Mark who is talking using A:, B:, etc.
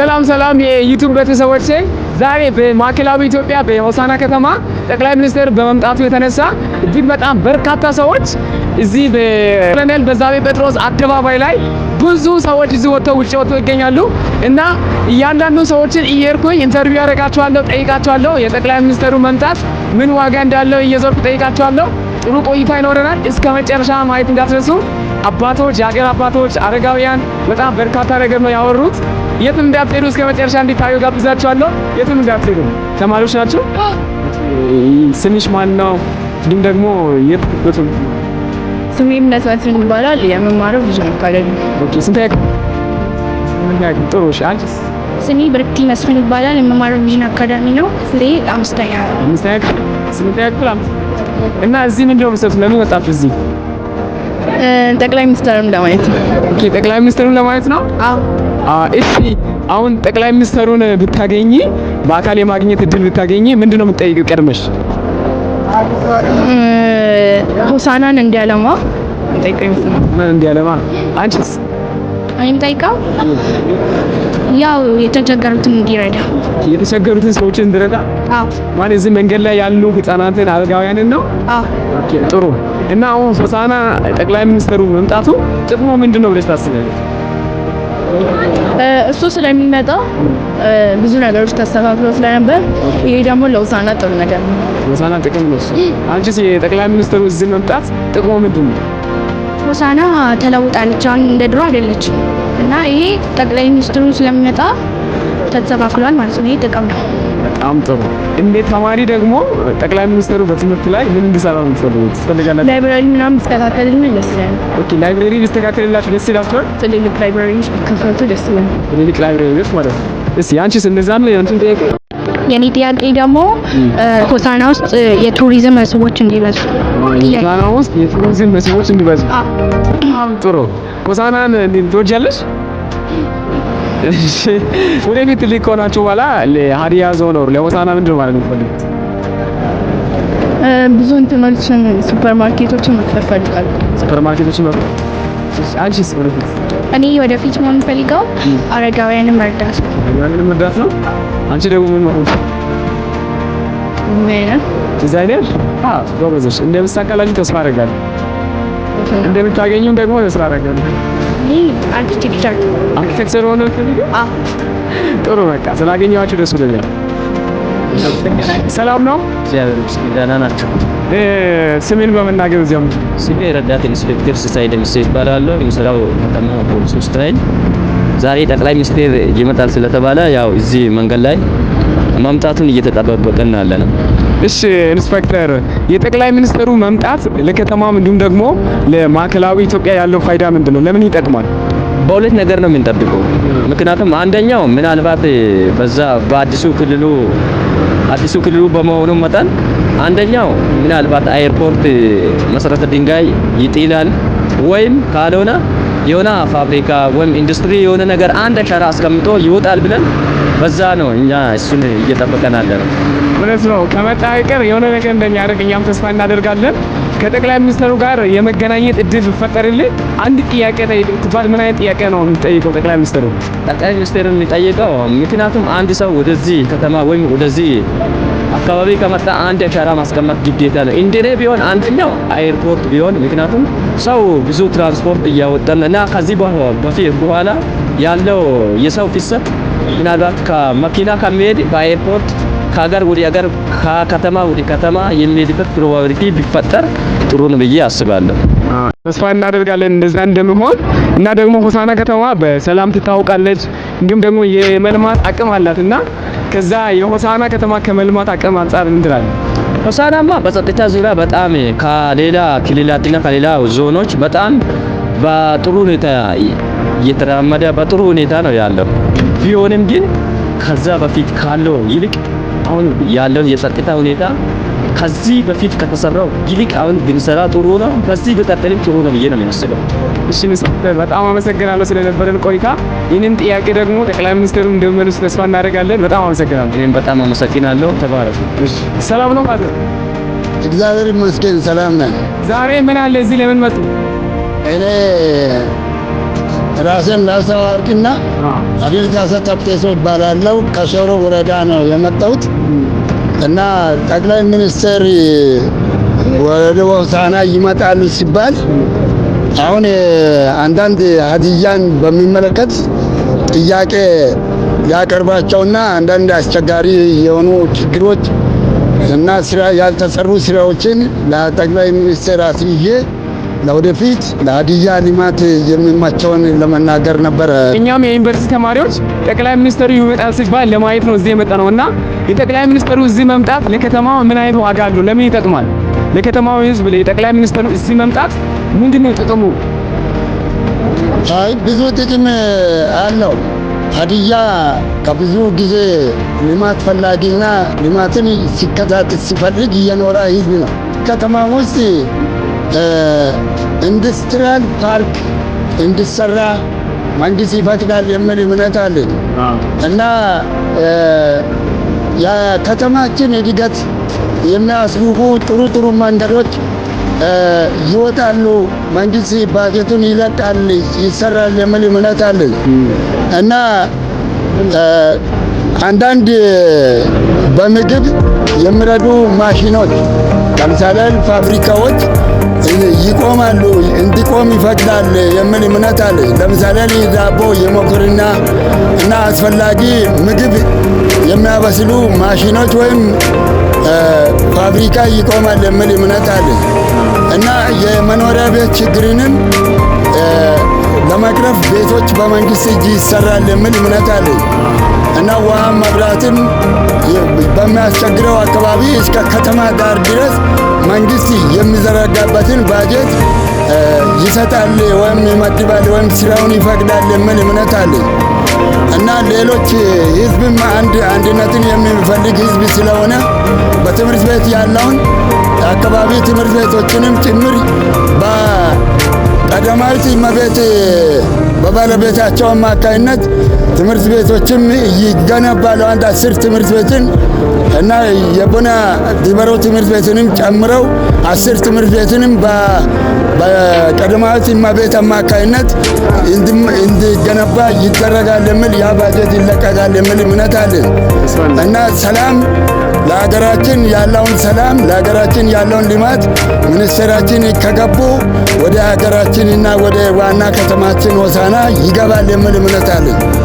A: ሰላም ሰላም የዩቱብ ቤተሰቦቼ ዛሬ በማዕከላዊ ኢትዮጵያ በሆሳና ከተማ ጠቅላይ ሚኒስትር በመምጣቱ የተነሳ እጅግ በጣም በርካታ ሰዎች እዚህ በኮሎኔል በዛቤ ጴጥሮስ አደባባይ ላይ ብዙ ሰዎች እዚህ ወጥተው ውጭ ወጥተው ይገኛሉ እና እያንዳንዱ ሰዎችን እየሄድኩኝ ኢንተርቪው ያደርጋቸዋለሁ፣ ጠይቃቸዋለሁ። የጠቅላይ ሚኒስትሩ መምጣት ምን ዋጋ እንዳለው እየዞርኩ ጠይቃቸዋለሁ። ጥሩ ቆይታ ይኖረናል። እስከ መጨረሻ ማየት እንዳትረሱ። አባቶች፣ የሀገር አባቶች፣ አረጋውያን በጣም በርካታ ነገር ነው ያወሩት። የትም እንዳትሄዱ እስከ መጨረሻ እንዲታዩ ጋብዛችኋለሁ። የትም እንዳትሄዱ። ተማሪዎች ናቸው። ስንሽ ማን ነው? እንዲሁም ደግሞ የት
B: ስሜ እምነት መስፍን ይባላል። የምማረው ብዙ መካደል
A: ስንት ያክ ጥሩ። አንቺስ?
B: ስሜ ብርክቲ መስፍን ይባላል። የምማረው ቪዥን አካዳሚ ነው። ስሬ አምስተኛ
A: አምስተኛ እና እዚህ ምንድነው መሰለህ ለምን ወጣችሁ እዚህ
B: ጠቅላይ ሚኒስትሩን ለማየት ነው።
A: ኦኬ፣ ጠቅላይ ሚኒስትሩን ለማየት ነው። እሺ፣ አሁን ጠቅላይ ሚኒስትሩን ብታገኚ፣ በአካል የማግኘት እድል ብታገኚ ምንድን ነው የምትጠይቂው ቀድመሽ?
B: ሆሳናን እንዲያለማ እንጠይቀኝ።
A: እንዲያለማ? አንቺስ?
B: እኔም ጠይቀው ያው የተቸገሩትን እንዲረዳ
A: የተቸገሩትን ሰዎችን እንዲረዳ። ማለት እዚህ መንገድ ላይ ያሉ ህጻናትን አረጋውያንን ነው። ጥሩ እና አሁን ሆሳዕና ጠቅላይ ሚኒስትሩ መምጣቱ ጥቅሙ ምንድን ነው ብለሽ ታስቢያለሽ?
B: እሱ ስለሚመጣ ብዙ ነገሮች ተስተካክሎ ስለነበር ይሄ ደግሞ ለሆሳዕና ጥሩ ነገር ነው።
A: ሆሳዕና ጥቅም ነው እሱ።
B: አንቺስ የጠቅላይ ሚኒስትሩ እዚህ መምጣት
A: ጥቅሙ ምንድን ነው?
B: ሆሳዕና ተለውጣለች፣ አሁን እንደ ድሮ አይደለች እና ይሄ ጠቅላይ ሚኒስትሩ ስለሚመጣ ተስተካክሏል ማለት ነው። ይሄ ጥቅም ነው።
A: በጣም ጥሩ። እንዴት ተማሪ ደግሞ ጠቅላይ ሚኒስትሩ በትምህርት ላይ ምን እንዲሰራ ነው የምትፈልጉት?
B: ፈልጋለ ላይብራሪ ምናምን ቢስተካከልልን ደስ ይላል።
A: ኦኬ፣ ላይብራሪ ቢስተካከልላችሁ ደስ ይላችኋል?
B: ትልልቅ ላይብራሪ ቢከፈቱ ደስ ይላል።
A: ትልልቅ ላይብራሪ ላይብራሪዎች ማለት ነው። እስቲ አንቺስ እንደዛ ነው ያንቺን ጥያቄ
B: የኔ ጥያቄ ደግሞ ሆሳዕና ውስጥ የቱሪዝም መስህቦች እንዲበዙ።
A: ሆሳዕና ውስጥ የቱሪዝም መስህቦች እንዲበዙ። ጥሩ። እንዴት ትወጃለሽ? ወደፊት ትልቅ ከሆናችሁ በኋላ ለሀዲያ ዞን ነው ለወሳና ምንድን ማለት ነው ፈልጉት?
B: ብዙ እንትኖችን ሱፐርማርኬቶችን ማርኬቶችን መክፈት ፈልጋለሁ።
A: ሱፐር ማርኬቶችን መክፈት አንቺስ? ወደፊት
B: እኔ ወደፊት ምን ፈልጋው አረጋውያንን መርዳት ነው።
A: አረጋውያንን መርዳት ነው። አንቺ ደግሞ ምን ማለት ነው? ምን ዲዛይነር? አዎ፣ ጎበዞች እንደምሳካላችሁ ተስፋ አደርጋለሁ። እንደምታገኙም ደግሞ ተስፋ አደርጋለሁ። አርኪቴክቸር ሆነ ጥሩ በቃ ስላገኘኋችሁ ደስ ብሎኛል። ሰላም ነው።
C: እግዚአብሔር ይመስገን ደህና ናቸው።
A: ስሜን በመናገር እዚያም
C: ስሜ ረዳት ኢንስፔክተር ሲሳይ ደምሴ ይባላለሁ። የምሰራው ከተማ ፖሊስ ውስጥ ነኝ። ዛሬ ጠቅላይ ሚኒስትር ይመጣል ስለተባለ ያው እዚህ መንገድ ላይ መምጣቱን እየተጠባበቅን አለ ነው
A: እሺ ኢንስፔክተር፣ የጠቅላይ ሚኒስትሩ መምጣት ለከተማም እንዲሁም ደግሞ ለማዕከላዊ ኢትዮጵያ ያለው ፋይዳ ምንድን ነው? ለምን ይጠቅማል?
C: በሁለት ነገር ነው የምንጠብቀው። ምክንያቱም አንደኛው ምናልባት በዛ በአዲሱ ክልሉ አዲሱ ክልሉ በመሆኑ መጠን አንደኛው ምናልባት አየርፖርት መሰረተ ድንጋይ ይጥላል ወይም ካልሆነ የሆነ ፋብሪካ ወይም ኢንዱስትሪ የሆነ ነገር አንድ አሻራ አስቀምጦ ይወጣል ብለን በዛ ነው እኛ እሱን እየጠበቀን አለ ነው።
A: እውነት ነው። ከመጣ ይቀር የሆነ ነገር እንደሚያደርግ እኛም ተስፋ እናደርጋለን። ከጠቅላይ ሚኒስትሩ ጋር የመገናኘት እድል ፈጠርልን። አንድ ጥያቄ ጠይቅ ትባል፣ ምን አይነት ጥያቄ ነው የሚጠይቀው ጠቅላይ ሚኒስትሩ?
C: ጠቅላይ ሚኒስትሩን የሚጠይቀው ምክንያቱም አንድ ሰው ወደዚህ ከተማ ወይም ወደዚህ አካባቢ ከመጣ አንድ አሻራ ማስቀመጥ ግዴታ ነው። እንደኔ ቢሆን አንደኛው አይርፖርት ቢሆን፣ ምክንያቱም ሰው ብዙ ትራንስፖርት እያወጣ እና ከዚህ በፊት በኋላ ያለው የሰው ፍሰት ምናልባት ከመኪና ከሚሄድ በኤርፖርት ከሀገር ወደ ሀገር ከከተማ ወደ ከተማ የሚሄድበት ፕሮባቢሊቲ ቢፈጠር ጥሩ ነው ብዬ አስባለሁ።
A: ተስፋ እናደርጋለን እንደዛ እንደሚሆን እና ደግሞ ሆሳና ከተማ በሰላም ትታወቃለች፣ እንዲሁም ደግሞ የመልማት አቅም አላት እና ከዛ የሆሳና ከተማ ከመልማት አቅም አንጻር እንትላለን።
C: ሆሳናማ በጸጥታ ዙሪያ በጣም ከሌላ ክልላትና ከሌላ ዞኖች በጣም በጥሩ ሁኔታ እየተራመደ በጥሩ ሁኔታ ነው ያለው። ቢሆንም ግን ከዛ በፊት ካለው ይልቅ አሁን ያለው የጸጥታ ሁኔታ ከዚህ በፊት ከተሰራው ይልቅ አሁን ብንሰራ ጥሩ ነው። ከዚህ በቀጠልም ጥሩ ነው ብዬ ነው የሚመስለው።
A: እሺ ሚኒስትር በጣም አመሰግናለሁ ስለነበረን ቆይታ። ይህንን ጥያቄ ደግሞ ጠቅላይ ሚኒስትሩ እንደመልስ ተስፋ እናደርጋለን። በጣም አመሰግናለሁ።
C: እኔም በጣም አመሰግናለሁ። ተባረኩ።
A: ሰላም ነው ማለት
D: እግዚአብሔር ይመስገን ሰላም ነን።
A: ዛሬ ምን አለ እዚህ ለምን መጡ?
D: እኔ ራስን ላሰው አርቅና አቤል ካሳ ጠብጤሶ እባላለሁ። ከሸሮ ወረዳ ነው የመጣሁት እና ጠቅላይ ሚኒስትር ወደ ሆሳዕና ይመጣሉ ሲባል አሁን አንዳንድ ሀዲያን በሚመለከት ጥያቄ ያቀርባቸውና አንዳንድ አስቸጋሪ የሆኑ ችግሮች እና ስራ ያልተሰሩ ስራዎችን ለጠቅላይ ሚኒስትር አስይዤ ለወደፊት ለሀዲያ ልማት የሚማቸውን ለመናገር ነበረ።
A: እኛም የዩኒቨርሲቲ ተማሪዎች ጠቅላይ ሚኒስትሩ ይመጣል ሲባል ለማየት ነው እዚህ የመጣ ነው እና የጠቅላይ ሚኒስትሩ እዚህ መምጣት ለከተማ ምን አይነት ዋጋ አለው? ለምን ይጠቅማል? ለከተማው ህዝብ የጠቅላይ ሚኒስትሩ እዚህ መምጣት ምንድነው ጥቅሙ?
D: አይ ብዙ ጥቅም አለው። ሀዲያ ከብዙ ጊዜ ልማት ፈላጊና ልማትን ሲከታተል ሲፈልግ እየኖረ ህዝብ ነው ከተማ ውስጥ ኢንዱስትሪያል ፓርክ እንዲሰራ መንግስት ይፈቅዳል የሚል እምነት አለን እና የከተማችን እድገት የሚያስቡቁ ጥሩ ጥሩ መንደሮች ይወጣሉ። መንግስት ባጀቱን ይለቃል፣ ይሰራል የሚል እምነት አለን እና አንዳንድ በምግብ የሚረዱ ማሽኖች ለምሳሌ ፋብሪካዎች ይቆማሉ እንዲቆም ይፈቅዳል የሚል እምነት አለ። ለምሳሌ ዳቦ የሞክርና እና አስፈላጊ ምግብ የሚያበስሉ ማሽኖች ወይም ፋብሪካ ይቆማል የሚል እምነት አለ እና የመኖሪያ ቤት ችግርንም ለመቅረፍ ቤቶች በመንግስት እጅ ይሰራል የሚል እምነት አለ እና ውሃ መብራትም በሚያስቸግረው አካባቢ እስከ ከተማ ዳር ድረስ መንግስት የሚዘረጋበትን ባጀት ይሰጣል ወይም ይመድባል ወይም ስራውን ይፈቅዳል የሚል እምነት አለ እና ሌሎች ህዝብም አንድ አንድነትን የሚፈልግ ህዝብ ስለሆነ በትምህርት ቤት ያለውን አካባቢ ትምህርት ቤቶችንም ጭምር ቀዳማዊት እመቤት በባለቤታቸው አማካይነት ትምህርት ቤቶችም ይገነባሉ። አንድ አስር ትምህርት ቤትን እና የቡና ዲበሮ ትምህርት ቤትንም ጨምረው አስር ትምህርት ቤትንም በቀዳማዊት እመቤት አማካይነት እንዲገነባ ይደረጋል የሚል ያ ባጀት ይለቀቃል የሚል እምነት አለን እና ሰላም ለሀገራችን ያለውን ሰላም፣ ለሀገራችን ያለውን ልማት ሚኒስቴራችን ከገቡ ወደ ሀገራችንና ወደ ዋና ከተማችን ሆሳና ይገባል የሚል እምነት አለኝ።